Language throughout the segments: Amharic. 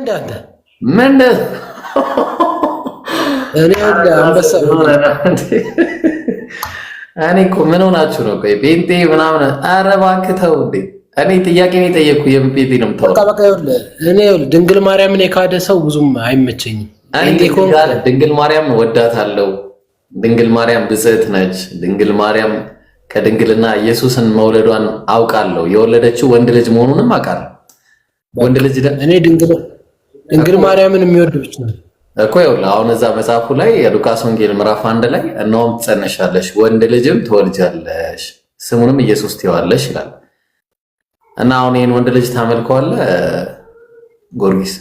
እንዳንተ ምን እኔ አንበሳ እኔ እኮ ምን ሆናችሁ ነው? ቆይ ምናምን፣ እባክህ ተው እንዴ! እኔ ጥያቄ ነው ነው በቃ ይኸውልህ እኔ ድንግል ማርያምን የካደ ሰው ብዙም አይመቸኝም። ድንግል ማርያም ወዳታለሁ። ድንግል ማርያም ብጽዕት ነች። ድንግል ማርያም ከድንግልና ኢየሱስን መውለዷን አውቃለሁ። የወለደችው ወንድ ልጅ መሆኑንም አውቃለሁ። ወንድ ልጅ እኔ ድንግል ድንግል ማርያምን የሚወድ ብቻ እኮ ይኸውልህ፣ አሁን እዛ መጽሐፉ ላይ የሉቃስ ወንጌል ምዕራፍ አንድ ላይ እነሆም ትጸነሻለሽ፣ ወንድ ልጅም ትወልጃለሽ፣ ስሙንም ኢየሱስ ትይዋለሽ ይላል። እና አሁን ይህን ወንድ ልጅ ታመልከዋለህ ጊዮርጊስ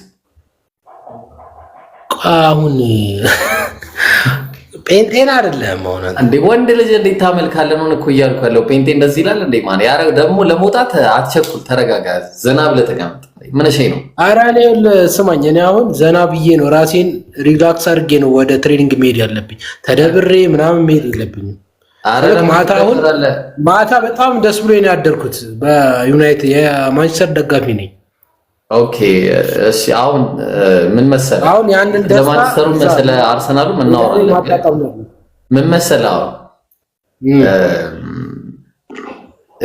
አሁን ጴንጤን አይደለም ሆነ እንዴ? ወንድ ልጅ እንዴት ታመልካለህ? ነው እኮ እያልኩ ያለው ጴንጤ እንደዚህ ይላል እንዴ? ማን ያ ደግሞ ለመውጣት አትቸኩል፣ ተረጋጋ፣ ዘና ብለህ ተቀምጥ። ምን ነው? ኧረ እኔ ስማኝ፣ እኔ አሁን ዘና ብዬ ነው ራሴን ሪላክስ አድርጌ ነው ወደ ትሬኒንግ መሄድ ያለብኝ፣ ተደብሬ ምናምን መሄድ የለብኝም። ማታ አሁን ማታ በጣም ደስ ብሎ ነው ያደርኩት። በዩናይትድ የማንቸስተር ደጋፊ ነኝ ኦኬ እሺ፣ አሁን ምን መሰለህ፣ አሁን ያንን ደስታ ለማንቸስተሩ መሰለ አርሰናሉ እናወራለን። ምን መሰለህ፣ አሁን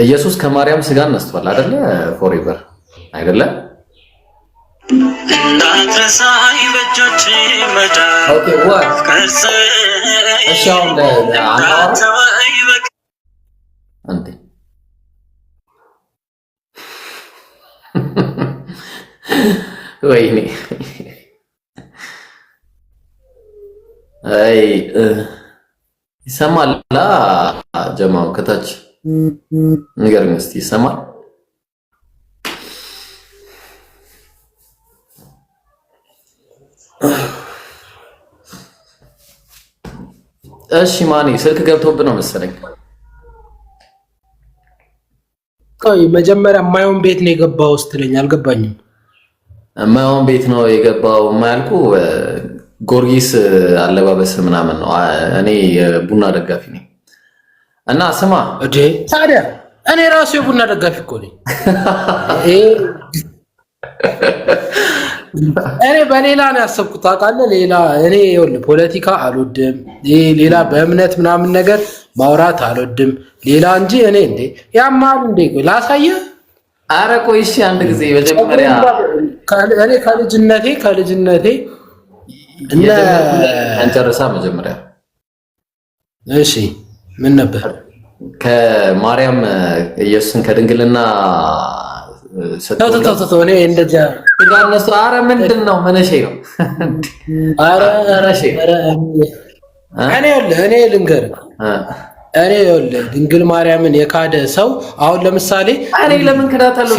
ኢየሱስ ከማርያም ስጋ ነስቷል አይደለ? ፎሬቨር አይደለ? እንዳትረሳኝ በእጆች መዳፍ ኦኬ። ወይ እሺ፣ አሁን አንተ አንተ ወይኔ አይ ይሰማል። ጀማው ከታች ንገር እስቲ ይሰማል? እሺ ማኔ ስልክ ገብቶብህ ነው መሰለኝ። ቆይ መጀመሪያ የማይሆን ቤት ነው የገባው ስትለኝ አልገባኝም። የማይሆን ቤት ነው የገባው የማያልኩ ጎርጊስ አለባበስ ምናምን ነው። እኔ የቡና ደጋፊ ነኝ እና ስማ ታዲያ እኔ ራሱ የቡና ደጋፊ እኮ ነኝ። እኔ በሌላ ነው ያሰብኩት ታውቃለህ። ሌላ እኔ ይኸውልህ ፖለቲካ አልወድም። ይሄ ሌላ በእምነት ምናምን ነገር ማውራት አልወድም። ሌላ እንጂ እኔ እንዴ ያማሉ እንዴ ላሳየህ አረ ቆይ እሺ፣ አንድ ጊዜ መጀመሪያ እኔ ከልጅነቴ ከልጅነቴ አንጨርሳ መጀመሪያ እሺ፣ ምን ነበር ከማርያም ኢየሱስን ከድንግልና እነሱ አረ ምንድን ነው መነሼ ነው። አረ አረ እኔ ልንገርህ እኔ ድንግል ማርያምን የካደ ሰው አሁን ለምሳሌ እኔ ለምን ከዳታለሁ?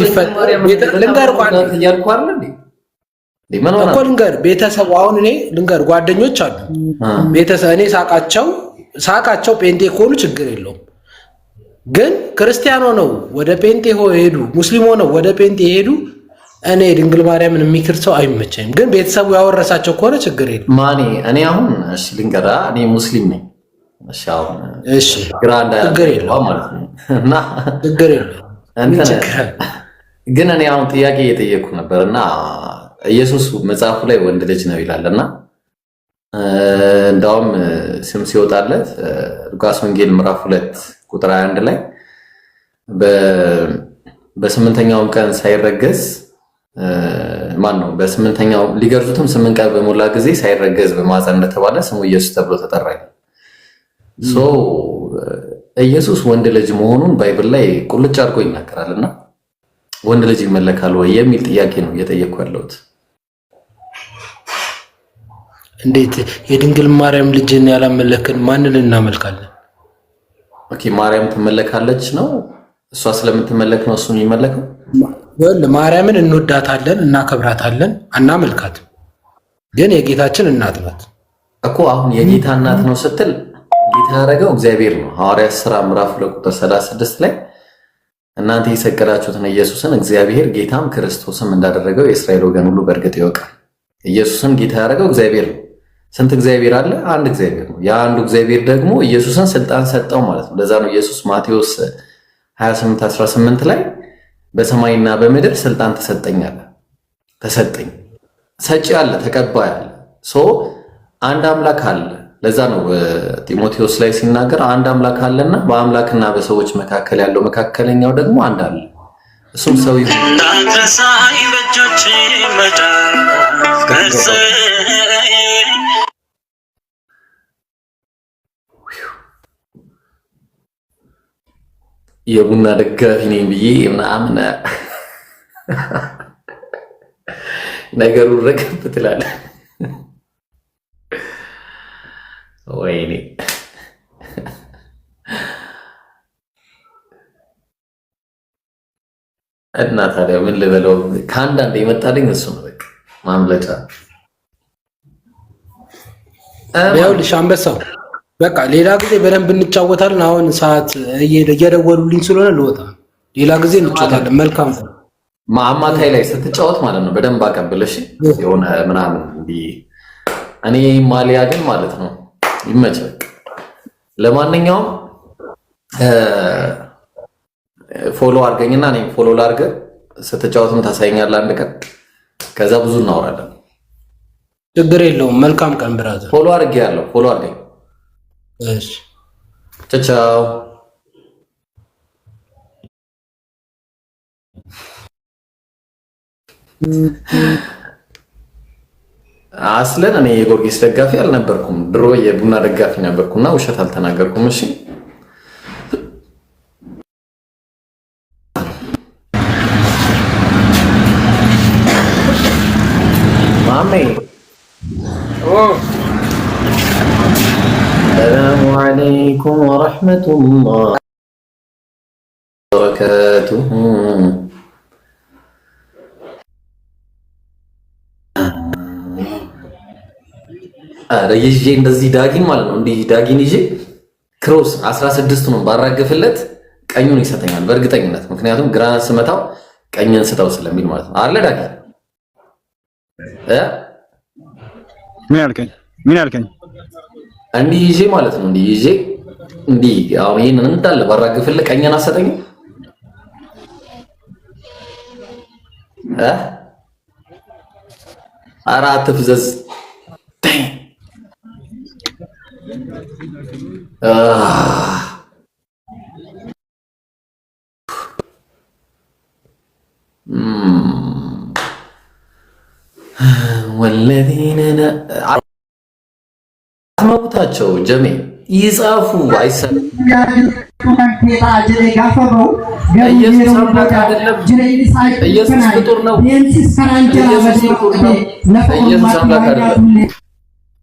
ልንገር እኮ ልንገር ቤተሰቡ አሁን እኔ ልንገር ጓደኞች አሉ ቤተሰብ እኔ ሳቃቸው ሳቃቸው ጴንጤ ከሆኑ ችግር የለውም። ግን ክርስቲያን ሆነው ወደ ጴንጤ ሄዱ፣ ሙስሊም ሆነው ወደ ጴንጤ ሄዱ። እኔ ድንግል ማርያምን የሚክር ሰው አይመቸኝም። ግን ቤተሰቡ ያወረሳቸው ከሆነ ችግር የለም። ማኔ እኔ አሁን ልንገራ እኔ ሙስሊም ነኝ ግን እኔ አሁን ጥያቄ እየጠየቅኩ ነበር እና ኢየሱስ መጽሐፉ ላይ ወንድ ልጅ ነው ይላል እና እንዳውም ስም ሲወጣለት ሉቃስ ወንጌል ምዕራፍ ሁለት ቁጥር 21 ላይ በስምንተኛውም ቀን ሳይረገዝ ማን ነው በስምንተኛው ሊገርዙትም ስምንት ቀን በሞላ ጊዜ ሳይረገዝ በማፀን እንደተባለ ስሙ ኢየሱስ ተብሎ ተጠራኝ። ኢየሱስ ወንድ ልጅ መሆኑን ባይብል ላይ ቁልጭ አድርጎ ይናገራል እና ወንድ ልጅ ይመለካል ወይ የሚል ጥያቄ ነው እየጠየኩ ያለሁት። እንዴት የድንግል ማርያም ልጅን ያላመለክን ማንን እናመልካለን? ኦኬ ማርያም ትመለካለች ነው እሷ ስለምትመለክ ነው እሱ የሚመለከው። ማርያምን እንወዳታለን፣ እናከብራታለን፣ አናመልካትም። ግን የጌታችን እናት ናት እኮ። አሁን የጌታ እናት ነው ስትል ጌታ ያደረገው እግዚአብሔር ነው። ሐዋርያ ሥራ ምዕራፍ ለቁጥር 36 ላይ እናንተ የሰቀላችሁትን ኢየሱስን እግዚአብሔር ጌታም ክርስቶስም እንዳደረገው የእስራኤል ወገን ሁሉ በእርግጥ ይወቃል ኢየሱስን ጌታ ያደረገው እግዚአብሔር ነው። ስንት እግዚአብሔር አለ? አንድ እግዚአብሔር ነው። ያ አንዱ እግዚአብሔር ደግሞ ኢየሱስን ስልጣን ሰጠው ማለት ነው። ለዛ ነው ኢየሱስ ማቴዎስ 28 18 ላይ በሰማይና በምድር ስልጣን ተሰጠኛል ተሰጠኝ ሰጪ አለ ተቀባይ አለ። አንድ አምላክ አለ ለዛ ነው ጢሞቴዎስ ላይ ሲናገር አንድ አምላክ አለና በአምላክና በሰዎች መካከል ያለው መካከለኛው ደግሞ አንድ አለ፣ እሱም ሰው የቡና ደጋፊ ነኝ ብዬ ምናምን ነገሩን ረገብ ትላለህ። ወይኔ እና ታዲያ ምን ልበለው? ከአንዳንድ የመጣልኝ እሱ ነው። በቃ ማምለጫ ይኸውልሽ አንበሳው። በቃ ሌላ ጊዜ በደንብ እንጫወታለን። አሁን ሰዓት እየደወሉልኝ ስለሆነ ልወጣ፣ ሌላ ጊዜ እንጫወታለን። መልካም አማካይ ላይ ስትጫወት ማለት ነው። በደንብ አቀብለሽ የሆነ ምናምን እኔ ማሊያ ግን ማለት ነው ይመች። ለማንኛውም ፎሎ አድርገኝና እኔም ፎሎ ላድርግ። ስትጫወትም ታሳይኛለህ አንድ ቀን፣ ከዛ ብዙ እናወራለን። ችግር የለውም። መልካም ቀን ብራዘር። ፎሎ አድርጌ ያለው ፎሎ አድርገኝ። እሺ፣ ቻቻው አስለን እኔ የጎርጊስ ደጋፊ አልነበርኩም። ድሮ የቡና ደጋፊ ነበርኩና ውሸት አልተናገርኩም። እሺ ማሜ ሰላሙ አለይኩም ወረሕመቱላህ ወበረካቱሁ ይዤ እንደዚህ ዳጊን ማለት ነው እንዲህ ዳጊን ይዤ ክሮስ 16 ነው ባራገፍለት ቀኙን ይሰጠኛል በእርግጠኝነት ምክንያቱም ግራ ስመታው ቀኝን ስጠው ስለሚል ማለት ነው አለ ዳጊ ምን ያልከኝ ምን ያልከኝ እንዲህ ይዤ ማለት ነው እንዲህ ይዤ እንዲህ አሁን ይሄንን እንዳለ ባራገፍለት ቀኝን አሰጠኝ ፍዘዝ አትፍዘዝ ወለዚነ መብታቸው ጀሜ ይጻፉ አይሰልም። ኢየሱስ ፍጡር ነው። ኢየሱስ ፍጡር ነው።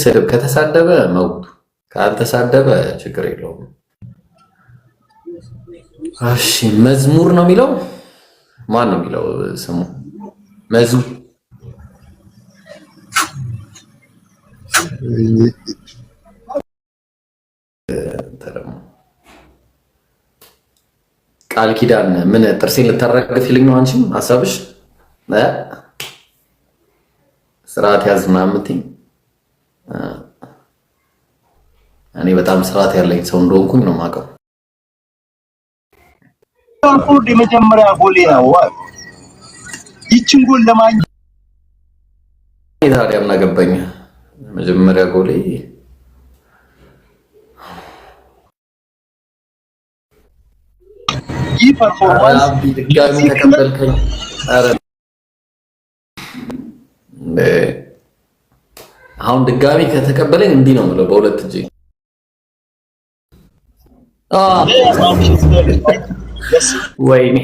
ስድብ ከተሳደበ መውቱ ካልተሳደበ ችግር የለውም። እሺ መዝሙር ነው የሚለው ማን ነው የሚለው ስሙ? መዙ ቃል ኪዳን ምን ጥርሴን ልታረግፊልኝ ነው አንቺም ሀሳብሽ ስርዓት ያዝ ምናምን እኔ በጣም ስርዓት ያለኝ ሰው እንደሆንኩኝ ነው የማውቀው። ፎርድ የመጀመሪያ ጎሌ ነው። ይችን ጎል ለማግኘት ታዲያ ምን አገባኝ? መጀመሪያ ጎሌ ይህ ፐርፎርማንስ ድጋሚ ተቀበልከኝ። አሁን ድጋሚ ከተቀበለኝ እንዲህ ነው የምለው በሁለት እጄ ወይኔ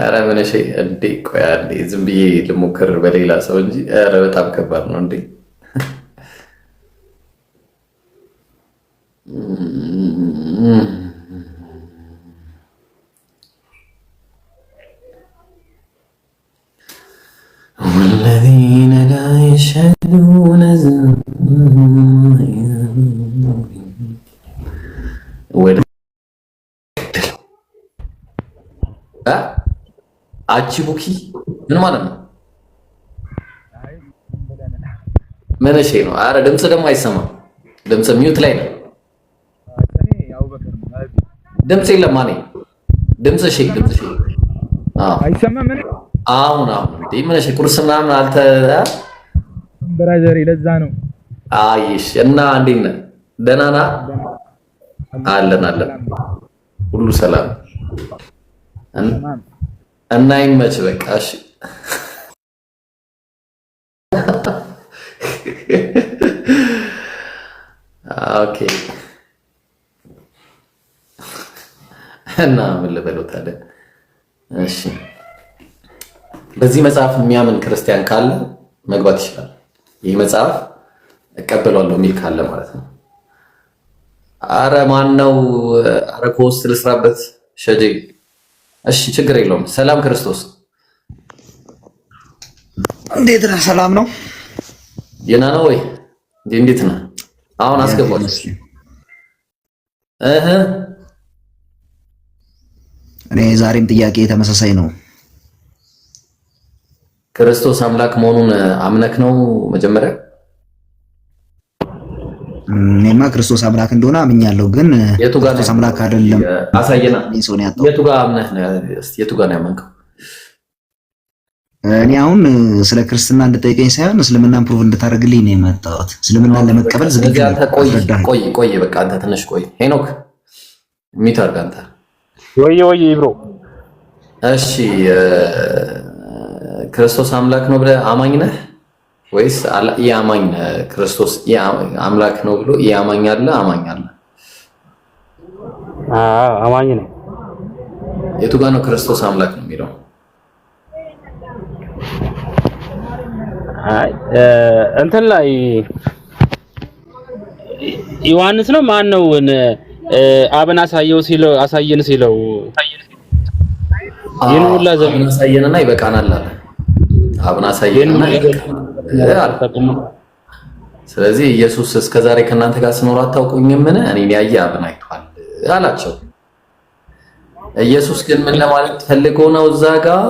ኧረ ምን እሺ እንዴ ቆይ አንዴ ዝም ብዬ ልሞክር በሌላ ሰው እንጂ ኧረ በጣም ከባድ ነው እንዴ والذين لا يشهدون አቺ ቡኪ ምን ማለት ነው? ምን እሺ ነው? አረ ድምጽ ደግሞ አይሰማም። ድምጽ ሚውት ላይ ነው። ድምጽ የለም ማ። ድምጽ እሺ፣ አይሰማም አሁን አሁን እንዴ ምን እሺ፣ ቁርስ ምናምን አልተ ብራዘር ለዛ ነው። አይሽ እና እንዴት ነህ? ደህና ነህ? አለን አለን፣ ሁሉ ሰላም እና ይመች። በቃ እሺ፣ ኦኬ። እና ምን ልበለው ታዲያ? እሺ በዚህ መጽሐፍ የሚያምን ክርስቲያን ካለ መግባት ይችላል። ይህ መጽሐፍ እቀበሏለሁ የሚል ካለ ማለት ነው። አረ ማን ነው? አረ ኮስ ልስራበት ሸጄ። እሺ ችግር የለውም። ሰላም ክርስቶስ፣ እንዴት ነህ? ሰላም ነው። የና ነው ወይ እንዴት ነህ? አሁን አስገባል። እህ እኔ ዛሬም ጥያቄ ተመሳሳይ ነው። ክርስቶስ አምላክ መሆኑን አምነክ ነው መጀመሪያ? እኔማ ክርስቶስ አምላክ እንደሆነ አምኛለሁ፣ ግን ክርስቶስ አምላክ አይደለም አሳየና። የቱ ጋር አምነህ ነው? የቱ ጋር ነው ያመንከው? እኔ አሁን ስለ ክርስትና እንድጠይቀኝ ሳይሆን እስልምናን ፕሩቭ እንድታደርግልኝ ነው የመጣሁት። እስልምናን ለመቀበል ዝግጁ ነኝ። ቆይ ቆይ፣ በቃ አንተ ትንሽ ቆይ። ሄኖክ ሚት አድርግ አንተ። ወይ ወይ፣ ብሮ እሺ ክርስቶስ አምላክ ነው ብለህ አማኝ ነህ ወይስ የአማኝ ክርስቶስ አምላክ ነው ብሎ የአማኝ አለ አማኝ አለ? አዎ አማኝ ነው። የቱ ጋር ነው ክርስቶስ አምላክ ነው የሚለው? አይ እንትን ላይ ዮሐንስ ነው ማን ነው አብን አሳየው ሲለው አሳየን ሲለው ይሄን ሁላ ዘመን አሳየንና ይበቃናል አለ። አብን አሳየን። ስለዚህ ኢየሱስ እስከዛሬ ከእናንተ ጋር ስኖር አታውቁኝምን? እኔን ያየ አብን አይቷል አላቸው። ኢየሱስ ግን ምን ለማለት ፈልጎ ነው እዛ ጋር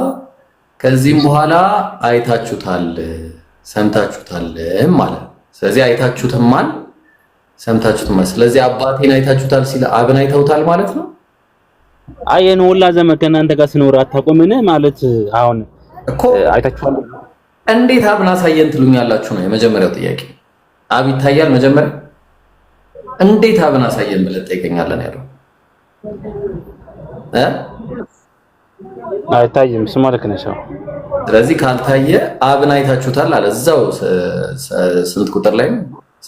ከዚህም በኋላ አይታችሁታል ሰምታችሁታልም ማለት ነው። ስለዚህ አይታችሁትማል ማለት ስለዚህ አባቴን አይታችሁታል ሲል አብን አይተውታል ማለት ነው። አየን ወላ ዘመድ ከእናንተ ጋር ስኖር አታውቁምን ማለት አሁን አይታችኋል። እንዴት አብን አሳየን ትሉኛላችሁ ነው የመጀመሪያው ጥያቄ። አብ ይታያል መጀመሪያ እንዴት አብን አሳየን ብለን ጠይቀኛለን ያለው እ አይታይም ስማ፣ ልክ ነሽ። ስለዚህ ካልታየ አብን አይታችሁታል አለ እዛው ስንት ቁጥር ላይ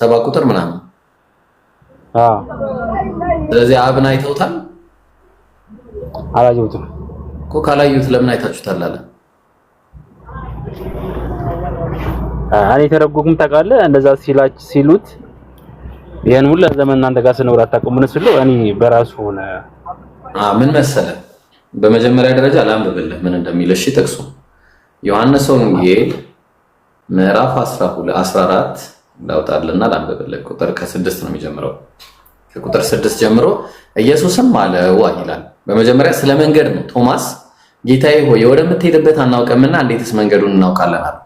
ሰባ ቁጥር ምናምን። ስለዚህ አብን አይተውታል። አላየሁትም እኮ ካላዩት ለምን አይታችሁታል አለ እኔ ተረጎኩም ታውቃለህ፣ እንደዛ ሲላች ሲሉት ይሄን ሁሉ ዘመን እናንተ ጋር ስኖር አታውቁም። እነሱ ስለው እኔ በራሱ ሆነ ምን መሰለ፣ በመጀመሪያ ደረጃ ላንብብልህ ምን እንደሚል እሺ። ጥቅሱ ዮሐንስ ወንጌል ምዕራፍ 12 14 ላውጣልና ላንብብልህ። ቁጥር ከስድስት ነው የሚጀምረው። ከቁጥር ስድስት ጀምሮ ኢየሱስም አለው ይላል። በመጀመሪያ ስለ መንገድ ነው። ቶማስ ጌታዬ ሆይ ወደምትሄድበት አናውቀምና እንዴትስ መንገዱን እናውቃለን አለው።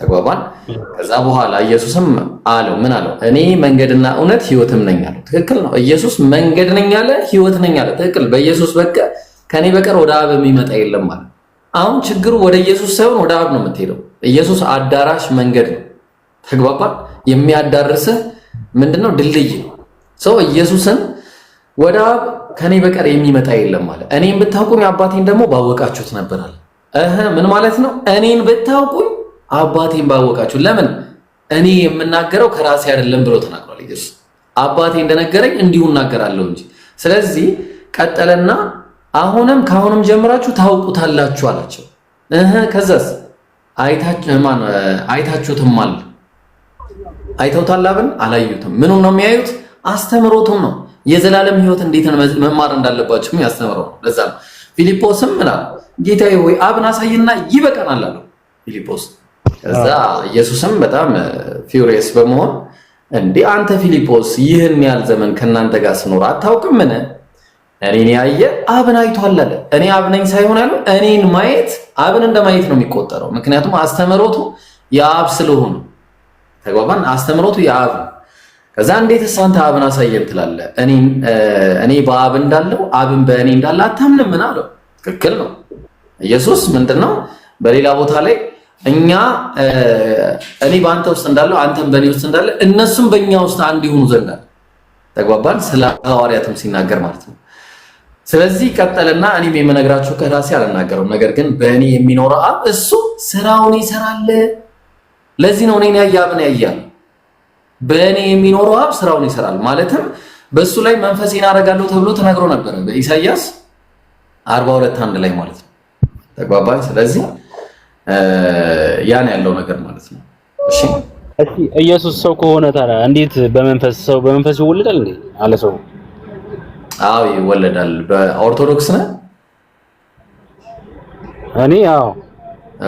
ተጓባን። ከዛ በኋላ ኢየሱስም አለው ምን አለው? እኔ መንገድና እውነት ህይወትም ነኝ አለው። ትክክል ነው። ኢየሱስ መንገድ ነኝ አለ፣ ህይወት ነኝ አለ። ትክክል። በኢየሱስ በቀ ከኔ በቀር ወደ አብ የሚመጣ የለም አለ። አሁን ችግሩ ወደ ኢየሱስ ሳይሆን ወደ አብ ነው የምትሄደው። ኢየሱስ አዳራሽ መንገድ ነው። ተግባባን። የሚያዳርስህ ምንድነው? ድልድይ ነው። ሰው ኢየሱስን ወደ አብ ከኔ በቀር የሚመጣ የለም አለ። እኔን ብታውቁኝ አባቴን ደግሞ ባወቃችሁት ነበር አለ። እህ ምን ማለት ነው? እኔን ብታውቁኝ አባቴን ባወቃችሁ። ለምን እኔ የምናገረው ከራሴ አይደለም ብሎ ተናግሯል ኢየሱስ። አባቴ እንደነገረኝ እንዲሁ እናገራለሁ እንጂ። ስለዚህ ቀጠለና አሁንም ከአሁንም ጀምራችሁ ታውቁታላችሁ አላቸው። እህ ከዛስ አለ። አይተውታል አብን አላዩትም። ምኑም ነው የሚያዩት? አስተምሮቱም ነው የዘላለም ህይወት እንዴት መማር እንዳለባቸው ያስተምረው ለዛ ነው ፊልጶስም ምናል ጌታዬ ሆይ አብን አሳይና ይበቃናል አለው ፊልጶስ ከዛ ኢየሱስም በጣም ፊውሪየስ በመሆን እንዲህ አንተ ፊሊጶስ ይህን ያህል ዘመን ከእናንተ ጋር ስኖር አታውቅምን? እኔን ያየ አብን አይቷል አለ። እኔ አብነኝ ሳይሆን አለ እኔን ማየት አብን እንደ ማየት ነው የሚቆጠረው። ምክንያቱም አስተምሮቱ የአብ ስለሆኑ ተግባባን። አስተምሮቱ የአብ ነው። ከዛ እንዴት አንተ አብን አሳየን ትላለ እኔ በአብ እንዳለው አብን በእኔ እንዳለ አታምንም? ምን አለው? ትክክል ነው። ኢየሱስ ምንድን ነው በሌላ ቦታ ላይ እኛ እኔ በአንተ ውስጥ እንዳለው አንተም በእኔ ውስጥ እንዳለ እነሱም በእኛ ውስጥ አንድ ይሆኑ ዘንዳል። ተግባባን። ስለ ሐዋርያትም ሲናገር ማለት ነው። ስለዚህ ቀጠልና እኔም የምነግራችሁ ከራሴ አልናገረውም፣ ነገር ግን በእኔ የሚኖረው አብ እሱ ስራውን ይሰራል። ለዚህ ነው እኔን ያየ አብን ያያል። በእኔ የሚኖረው አብ ስራውን ይሰራል ማለትም በእሱ ላይ መንፈሴን አደርጋለሁ ተብሎ ተነግሮ ነበረ በኢሳይያስ 42 አንድ ላይ ማለት ነው። ተግባባን። ስለዚህ ያን ያለው ነገር ማለት ነው። እሺ እሺ ኢየሱስ ሰው ከሆነ ታዲያ እንዴት በመንፈስ ሰው በመንፈስ ይወለዳል እንዴ? አለ ሰው። አዎ ይወለዳል። በኦርቶዶክስ ነህ? እኔ አዎ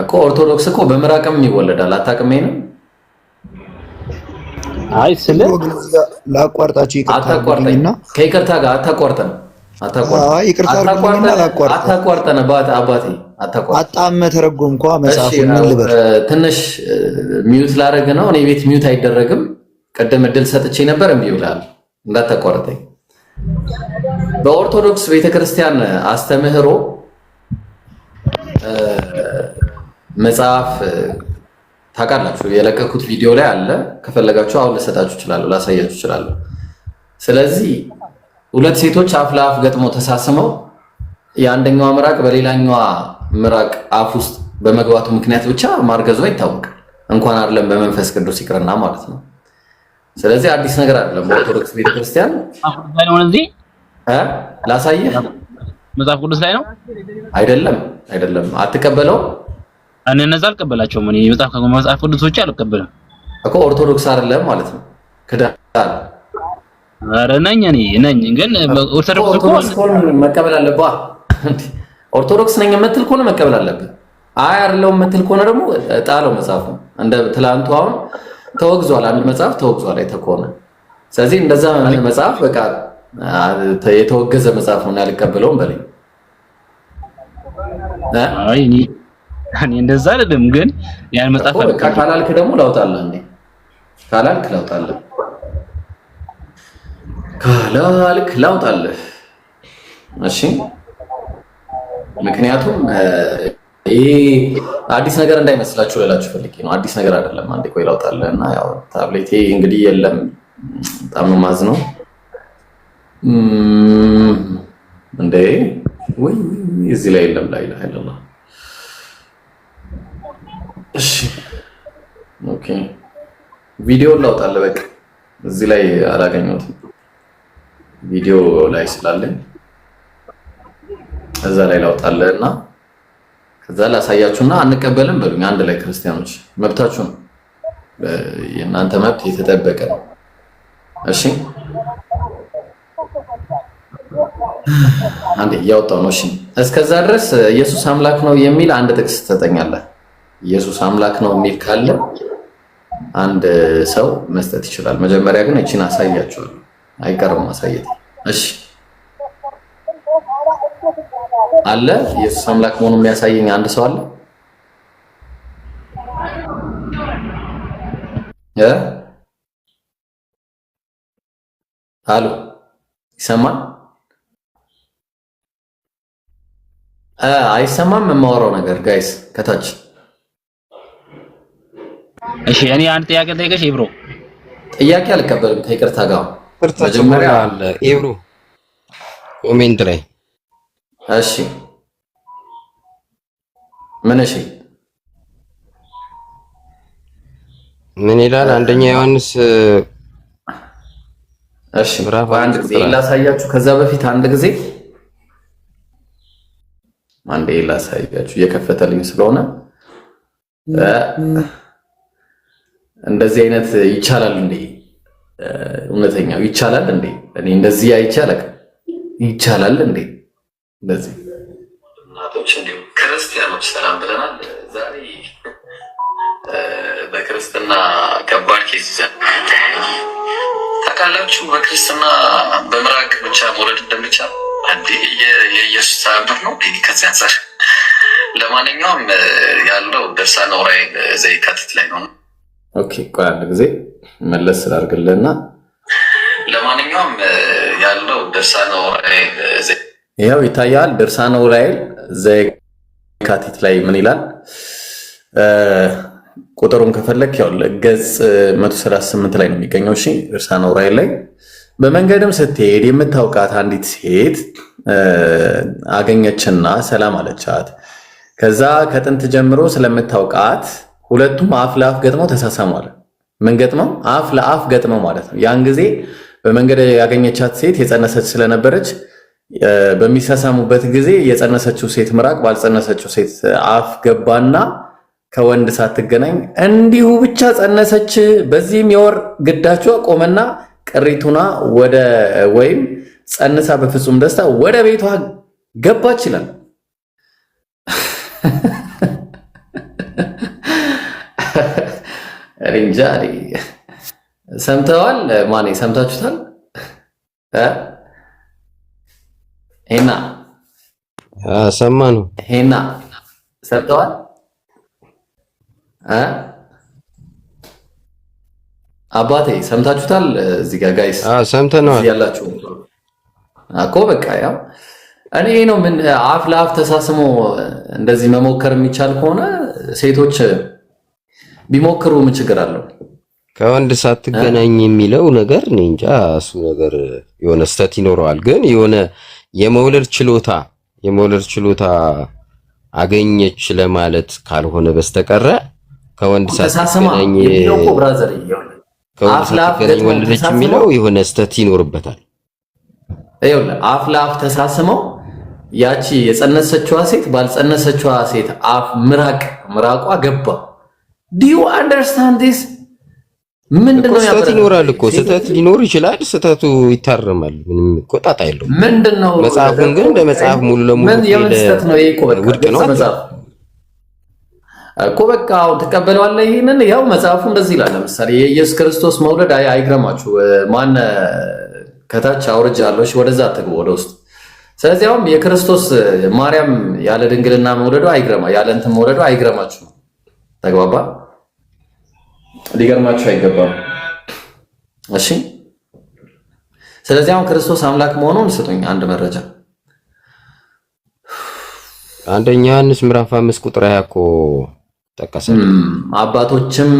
እኮ ኦርቶዶክስ እኮ በምራቅም ይወለዳል። አታውቅም ይሄንን? አይ ስለ ላቋርጣችሁ፣ ይቅርታ አታቋርጠኝ። ከይቅርታ ጋር አታቋርጠን አታቋርጠን አባቴ፣ ምን ልበል። ትንሽ ሚዩት ላረግ ነው። እኔ ቤት ሚዩት አይደረግም። ቀደም እድል ሰጥቼ ነበር፣ እምቢ እንዳታቋርጠኝ። በኦርቶዶክስ ቤተክርስቲያን አስተምህሮ መጽሐፍ ታውቃላችሁ፣ የለቀኩት ቪዲዮ ላይ አለ። ከፈለጋችሁ አሁን ልሰጣችሁ እችላለሁ፣ ላሳያችሁ እችላለሁ። ስለዚህ ሁለት ሴቶች አፍ ለአፍ ገጥሞ ተሳስመው የአንደኛዋ ምራቅ በሌላኛዋ ምራቅ አፍ ውስጥ በመግባቱ ምክንያት ብቻ ማርገዟ ይታወቃል። እንኳን አይደለም በመንፈስ ቅዱስ ይቅርና ማለት ነው። ስለዚህ አዲስ ነገር አይደለም። በኦርቶዶክስ ቤተክርስቲያን ላሳየህ፣ መጽሐፍ ቅዱስ ላይ ነው። አይደለም አይደለም፣ አትቀበለው። እነዛ አልቀበላቸውም። እኔ መጽሐፍ ቅዱስ ብቻ አልቀበልም እኮ ኦርቶዶክስ አይደለም ማለት ነው። ክዳል ኧረ ነኝ እኔ ነኝ። ግን ኦርቶዶክስ ከሆነ መቀበል አለብህ። ኦርቶዶክስ ነኝ የምትል ከሆነ መቀበል አለብህ። አይ አይደለሁም የምትል ከሆነ ደግሞ ጣለው መጽሐፉ። እንደ ትላንቱ አሁን ተወግዟል፣ አንድ መጽሐፍ ተወግዟል የተኮነ ስለዚህ እንደዛ መጽሐፍ በቃ የተወገዘ መጽሐፍ ነው ያልቀበለውም በለኝ። አይ እኔ እንደዛ አይደለም፣ ግን ያን መጽሐፍ ካላልክ ደግሞ እንዴ ካላልክ ላውጣለህ ካላልክ ላውጣልህ። እሺ፣ ምክንያቱም ይሄ አዲስ ነገር እንዳይመስላችሁ ልላችሁ ፈልጌ ነው። አዲስ ነገር አይደለም። አንዴ ቆይ ላውጣልህ እና ያው ታብሌቴ እንግዲህ የለም። በጣም ነው የማዝነው። እንዴ ወይ እዚህ ላይ የለም። ላይ አይደለም። እሺ፣ ኦኬ ቪዲዮ ላውጣልህ። በቃ እዚህ ላይ አላገኘሁትም። ቪዲዮ ላይ ስላለኝ እዛ ላይ ላውጣለ እና ከዛ ላሳያችሁና አንቀበልም በሉኝ። አንድ ላይ ክርስቲያኖች መብታችሁ ነው። የእናንተ መብት የተጠበቀ ነው። እሺ አንዴ እያወጣው ነው። እሺ እስከዛ ድረስ ኢየሱስ አምላክ ነው የሚል አንድ ጥቅስ ትሰጠኛለህ። ኢየሱስ አምላክ ነው የሚል ካለ አንድ ሰው መስጠት ይችላል። መጀመሪያ ግን እቺን አሳያችኋለሁ። አይቀርም ማሳየት። እሺ አለ ኢየሱስ አምላክ መሆኑን የሚያሳየኝ አንድ ሰው አለ እ አሉ ይሰማል? አይሰማም? የማወራው ነገር ጋይስ ከታች እሺ። እኔ አንድ ጥያቄ ልጠይቅሽ ይብሮ። ጥያቄ አልቀበልም ከይቅርታ ጋር መጀመሪያ አለ ኤብሮ ኮሜንት ላይ እሺ፣ ምን እሺ፣ ምን ይላል? አንደኛ ዮሐንስ እሺ፣ አንድ ጊዜ ላሳያችሁ። ከዛ በፊት አንድ ጊዜ አንዴ ላሳያችሁ፣ እየከፈተልኝ ስለሆነ እንደዚህ አይነት ይቻላል እንዴ? እውነተኛው ይቻላል እንዴ? እኔ እንደዚህ አይቻለ ይቻላል እንዴ? እንደዚህ እናቶች እንዲሁ ክርስቲያኖች ሰላም ብለናል። ዛሬ በክርስትና ከባድ ኬዝ ይዘን ታውቃላችሁ። በክርስትና በምራቅ ብቻ መውለድ እንደሚቻል አንዴ የኢየሱስ ተአምር ነው። ከዚህ አንጻር ለማንኛውም ያለው ደርሳ ኖራይ ዘይካትት ላይ ነው። ኦኬ ቆይ አንድ ጊዜ መለስ ስላድርግልህና ለማንኛውም ያለው ድርሳነ ዑራኤል ያው ይታያል። ድርሳነ ዑራኤል ዘካቲት ላይ ምን ይላል? ቁጥሩን ከፈለክ ያው ገጽ 138 ላይ ነው የሚገኘው። እሺ ድርሳነ ዑራኤል ላይ በመንገድም ስትሄድ የምታውቃት አንዲት ሴት አገኘችና ሰላም አለቻት። ከዛ ከጥንት ጀምሮ ስለምታውቃት ሁለቱም አፍ ለአፍ ገጥመው ተሳሳሙ አለ። ምን ገጥመው? አፍ ለአፍ ገጥመው ማለት ነው። ያን ጊዜ በመንገድ ያገኘቻት ሴት የጸነሰች ስለነበረች በሚሳሳሙበት ጊዜ የጸነሰችው ሴት ምራቅ ባልጸነሰችው ሴት አፍ ገባና ከወንድ ሳትገናኝ እንዲሁ ብቻ ጸነሰች። በዚህም የወር ግዳቿ ቆመና ቅሪቱና ወደ ወይም ጸንሳ በፍጹም ደስታ ወደ ቤቷ ገባች ይላል። እንጃ ሰምተዋል። ማኔ ሰምታችሁታል? ሄና ሰማ ነው። ሄና ሰምተዋል? አባቴ ሰምታችሁታል? እዚህ ጋር ጋይስ ሰምተነዋል ያላችሁ እኮ በቃ ያው እኔ ይሄ ነው ምን አፍ ለአፍ ተሳስሞ እንደዚህ መሞከር የሚቻል ከሆነ ሴቶች ቢሞክሩ ምን ችግር አለው? ከወንድ ሳትገናኝ የሚለው ነገር እኔ እንጃ፣ እሱ ነገር የሆነ ስተት ይኖረዋል። ግን የሆነ የመውለድ ችሎታ የመውለድ ችሎታ አገኘች ለማለት ካልሆነ በስተቀረ ከወንድ ሳትገናኝ ከወንድ ሳትገናኝ ወለደች የሚለው የሆነ ስተት ይኖርበታል። አፍ ለአፍ ተሳስመው ያቺ የጸነሰችዋ ሴት ባልጸነሰችዋ ሴት አፍ ምራቅ ምራቋ ገባ ዲዩ አንደርስታንድ ዲስ ምንድነው? ስህተት ይኖራል እኮ ስህተት ሊኖር ይችላል። ስህተቱ ይታረማል። ምንም እኮ ጣጣ የለውም። ምንድነው መጽሐፉን ግን በመጽሐፍ ሙሉ ለሙሉ የምን ስህተት ነው? ውድቅ ነው እኮ በቃ አሁን ትቀበለዋለህ። ይህንን ያው መጽሐፉ እንደዚህ ይላል። ለምሳሌ የኢየሱስ ክርስቶስ መውለድ አይግረማችሁ። ማን ከታች አውርጃለሁ፣ ወደዛ አትግቡ፣ ወደ ውስጥ ስለዚህ አሁን የክርስቶስ ማርያም ያለ ድንግልና መውለዱ አይግረማ ያለ እንትን መውለዱ አይግረማችሁ። ተግባባ ሊገርማችሁ አይገባም። እሺ፣ ስለዚህ አሁን ክርስቶስ አምላክ መሆኑን ስጡኝ አንድ መረጃ። አንደኛ ዮሐንስ ምዕራፍ አምስት ቁጥር ሃያ እኮ ጠቀሰል። አባቶችም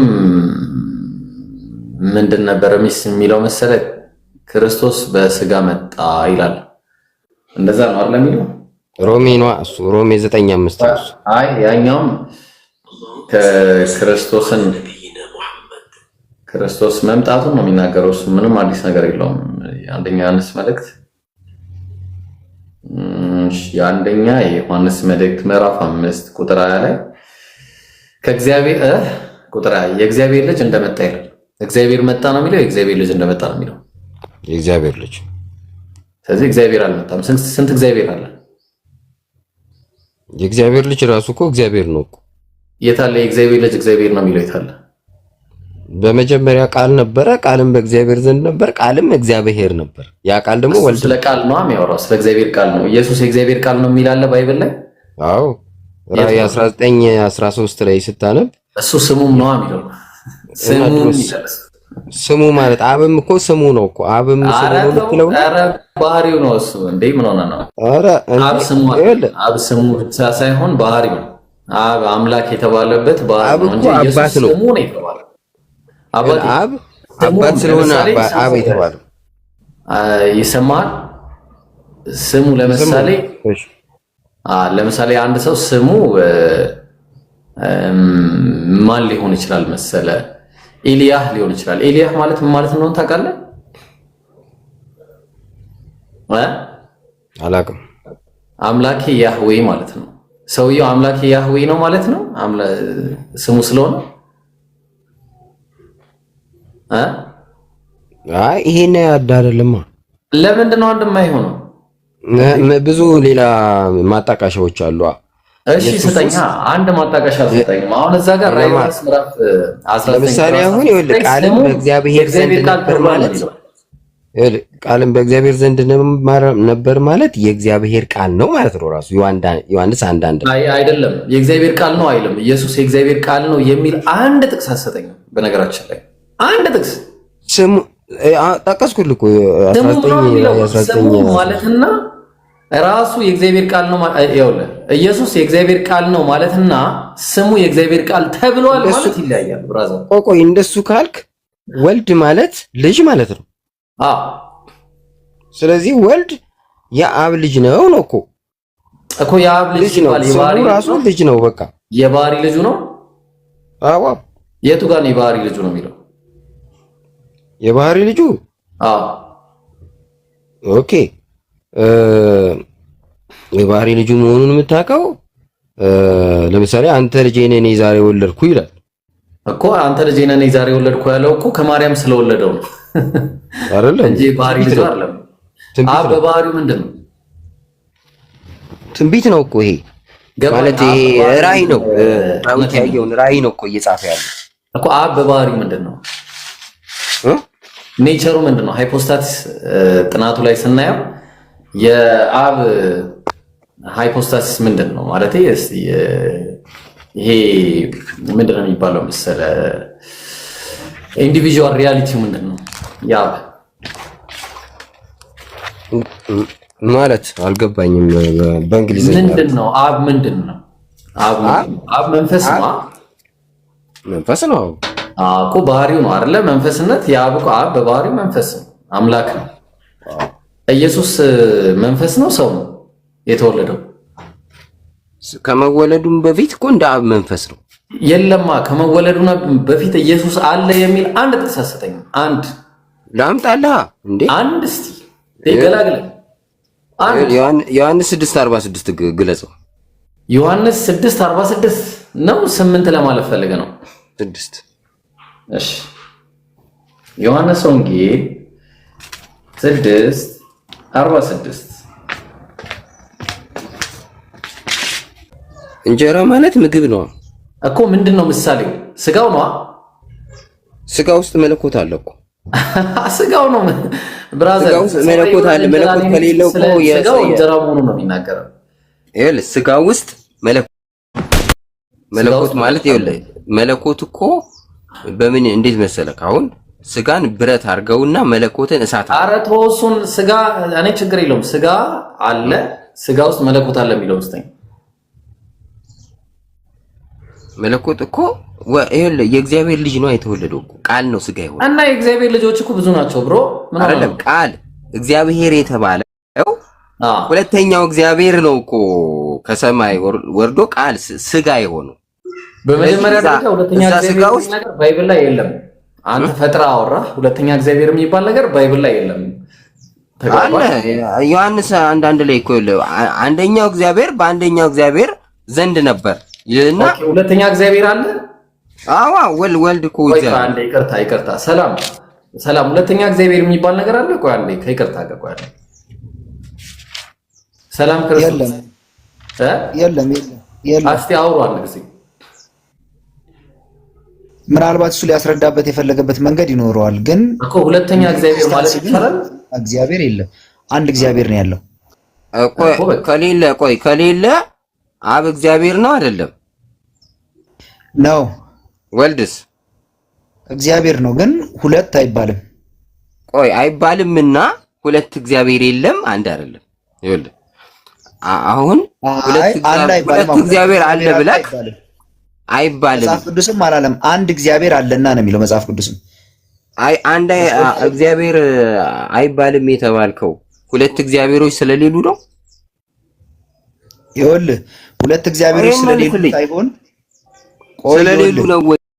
ምንድን ነበረ ሚስ የሚለው መሰለ ክርስቶስ በስጋ መጣ ይላል። እንደዛ ነው አይደል የሚለው ሮሜ ነው እሱ ሮሜ 9:5 አይ ያኛውም ከክርስቶስን ክርስቶስ መምጣቱን ነው የሚናገረው። እሱ ምንም አዲስ ነገር የለውም። የአንደኛ ዮሐንስ መልእክት የአንደኛ የዮሐንስ መልእክት ምዕራፍ አምስት ቁጥር ሀያ ላይ ከእግዚአብሔር ቁጥር ሀያ የእግዚአብሔር ልጅ እንደመጣ ይላል። እግዚአብሔር መጣ ነው የሚለው፣ የእግዚአብሔር ልጅ እንደመጣ ነው የሚለው የእግዚአብሔር ልጅ። ስለዚህ እግዚአብሔር አልመጣም። ስንት እግዚአብሔር አለ? የእግዚአብሔር ልጅ ራሱ እኮ እግዚአብሔር ነው። የታለ የእግዚአብሔር ልጅ እግዚአብሔር ነው የሚለው የታለ? በመጀመሪያ ቃል ነበረ፣ ቃልም በእግዚአብሔር ዘንድ ነበር፣ ቃልም እግዚአብሔር ነበር። ያ ቃል ደግሞ ወልድ። ስለ ቃል ነው የሚያወራው፣ ስለ እግዚአብሔር ቃል ነው። ኢየሱስ የእግዚአብሔር ቃል ነው የሚል አለ ባይብል ላይ። አዎ ራእይ 19 13 ላይ ስታነብ እሱ ስሙም ነው የሚለው ስሙ ስሙ ማለት አብም እኮ ስሙ ነው እኮ አብም ስሙ ነው የምትለው ባህሪው ነው እሱ። እንዴ ምን ሆነ ነው? አረ አብ ስሙ አብ ስሙ ብቻ ሳይሆን ባህሪው አብ አምላክ የተባለበት ባህሪው ነው እንጂ ኢየሱስ ስሙ ነው የተባለው አብ አባት ስለሆነ አብ የተባለው ይሰማል። ስሙ ለምሳሌ ለምሳሌ አንድ ሰው ስሙ ማን ሊሆን ይችላል መሰለ? ኢልያህ ሊሆን ይችላል። ኢልያህ ማለት ምን ማለት እንደሆነ ታውቃለህ? አላውቅም። አምላኬ ያህዌ ማለት ነው። ሰውየው አምላኬ ያህዌ ነው ማለት ነው ስሙ ስለሆነ አይ ይሄን ያዳደልማ። ለምንድን ነው አንድ የማይሆነው? ብዙ ሌላ ማጣቀሻዎች አሉ። እሺ ስጠኛ፣ አንድ ማጣቀሻ ስጠኝ። አሁን እዛ ጋር ራይስ ምዕራፍ 19 ለምሳሌ አሁን ይኸውልህ ቃልም በእግዚአብሔር ዘንድ ነበር ማለት ነው። ቃልም በእግዚአብሔር ዘንድ ነበር ማለት የእግዚአብሔር ቃል ነው ማለት ነው። ራሱ ዮሐንስ አንድ አንድ አይ አይደለም የእግዚአብሔር ቃል ነው አይልም። ኢየሱስ የእግዚአብሔር ቃል ነው የሚል አንድ ጥቅስ አሰጠኝ በነገራችን ላይ አንድ ጥቅስ ስሙ ጠቀስኩልህ እኮ ማለትና ራሱ የእግዚአብሔር ቃል ነው። ማለት ኢየሱስ የእግዚአብሔር ቃል ነው ማለትና ስሙ የእግዚአብሔር ቃል ተብሏል ማለት ይለያያል። ብራዘር ቆይ ቆይ፣ እንደሱ ካልክ ወልድ ማለት ልጅ ማለት ነው። አዎ ስለዚህ ወልድ የአብ ልጅ ነው ነው እኮ እኮ የአብ ልጅ ነው። የባሪ ራሱ ልጅ ነው። በቃ የባሪ ልጁ ነው። አዎ የቱ ጋር ነው የባሪ ልጁ ነው የሚለው የባህሪ ልጁ ኦኬ፣ የባህሪ ልጁ መሆኑን የምታውቀው ለምሳሌ አንተ ልጄ ነህ እኔ ዛሬ ወለድኩ ይላል እኮ። አንተ ልጄ ነህ እኔ ዛሬ ወለድኩ ያለው እኮ ከማርያም ስለወለደው ነው አይደለ? እንጂ ባህሪ ልጁ አይደለም። አብ በባህሪው ምንድን ነው? ትንቢት ነው እኮ ይሄ ማለት ይሄ ራእይ ነው። ዳዊት ያየውን ራእይ ነው እኮ እየጻፈ ያለው እኮ። አብ በባህሪው ምንድን ነው? ኔቸሩ ምንድን ነው? ሃይፖስታሲስ ጥናቱ ላይ ስናየው የአብ ሃይፖስታሲስ ምንድን ነው ማለት ይሄ ምንድን ነው የሚባለው መሰለ ኢንዲቪዥዋል ሪያሊቲ ምንድን ነው የአብ ማለት አልገባኝም። በእንግሊዝኛ ምንድን ነው አብ? ምንድን ነው አብ? መንፈስ ነው። መንፈስ ነው እኮ ባህሪው ነው አይደለ? መንፈስነት የአብ እኮ አብ በባህሪው መንፈስ ነው፣ አምላክ ነው። ኢየሱስ መንፈስ ነው፣ ሰው ነው የተወለደው። ከመወለዱም በፊት እኮ እንደ አብ መንፈስ ነው። የለማ ከመወለዱ በፊት ኢየሱስ አለ የሚል አንድ ጥቅስ አሰጠኝ። አንድ ላምጣልህ እንዴ? አንድ እስቲ ገላግለን። ዮሐንስ 6:46 ግለጸው። ዮሐንስ 6:46 ነው። ስምንት ለማለት ፈልገ ነው ስድስት እሺ ዮሐንስ ወንጌል 6 46 እንጀራ ማለት ምግብ ነው እኮ። ምንድን ነው ምሳሌው? ስጋው ነው። ስጋ ውስጥ መለኮት አለ እኮ። ስጋው ነው ብራዘር፣ መለኮት አለ። መለኮት ከሌለው እኮ ስጋው እንጀራ መሆኑ ነው የሚናገረው። ይኸውልህ ስጋ ውስጥ መለኮት ማለት ይኸውልህ መለኮት እኮ በምን እንዴት መሰለክ አሁን ስጋን ብረት አድርገውና መለኮትን እሳት አረ ተወው እሱን ስጋ እኔ ችግር የለውም ስጋ አለ ስጋ ውስጥ መለኮት አለ የሚለው ስተኝ መለኮት እኮ የእግዚአብሔር ልጅ ነው የተወለደው ቃል ነው ስጋ ይሆን እና የእግዚአብሔር ልጆች እኮ ብዙ ናቸው ብሮ አይደለም ቃል እግዚአብሔር የተባለው ሁለተኛው እግዚአብሔር ነው እኮ ከሰማይ ወርዶ ቃል ስጋ የሆነው በመጀመሪያ ደረጃ ሁለተኛ እግዚአብሔር ነገር ባይብል ላይ የለም። አንተ ፈጥራ አወራ። ሁለተኛ እግዚአብሔር የሚባል ነገር ባይብል ላይ የለም። አለ ዮሐንስ አንዳንድ ላይ እኮ አንደኛው እግዚአብሔር በአንደኛው እግዚአብሔር ዘንድ ነበር እና ሁለተኛ እግዚአብሔር አለ። አዎ ወል ወልድ እኮ ይዘን ይቅርታ፣ ይቅርታ፣ ሰላም፣ ሰላም። ሁለተኛ እግዚአብሔር የሚባል ነገር አለ። ቆይ አንዴ ከይቅርታ ጋር ቆይ አንዴ ሰላም ክርስቶስ የለም፣ የለም፣ የለም። አስቲ አውሩ አንድ ጊዜ ምናልባት እሱ ሊያስረዳበት የፈለገበት መንገድ ይኖረዋል። ግን እኮ ሁለተኛ እግዚአብሔር ማለት ይቻላል? እግዚአብሔር የለም፣ አንድ እግዚአብሔር ነው ያለው። ከሌለ ቆይ ከሌለ አብ እግዚአብሔር ነው አይደለም? ነው። ወልድስ እግዚአብሔር ነው፣ ግን ሁለት አይባልም። ቆይ አይባልምና ሁለት እግዚአብሔር የለም፣ አንድ አይደለም። ይኸውልህ አሁን ሁለት እግዚአብሔር አለ ብለህ አይባልም። መጽሐፍ ቅዱስም አላለም። አንድ እግዚአብሔር አለና ነው የሚለው መጽሐፍ ቅዱስም። አይ አንድ እግዚአብሔር አይባልም የተባልከው ሁለት እግዚአብሔሮች ስለሌሉ ነው። ይኸውልህ ሁለት እግዚአብሔሮች ስለሌሉ ሳይሆን ስለሌሉ ነው።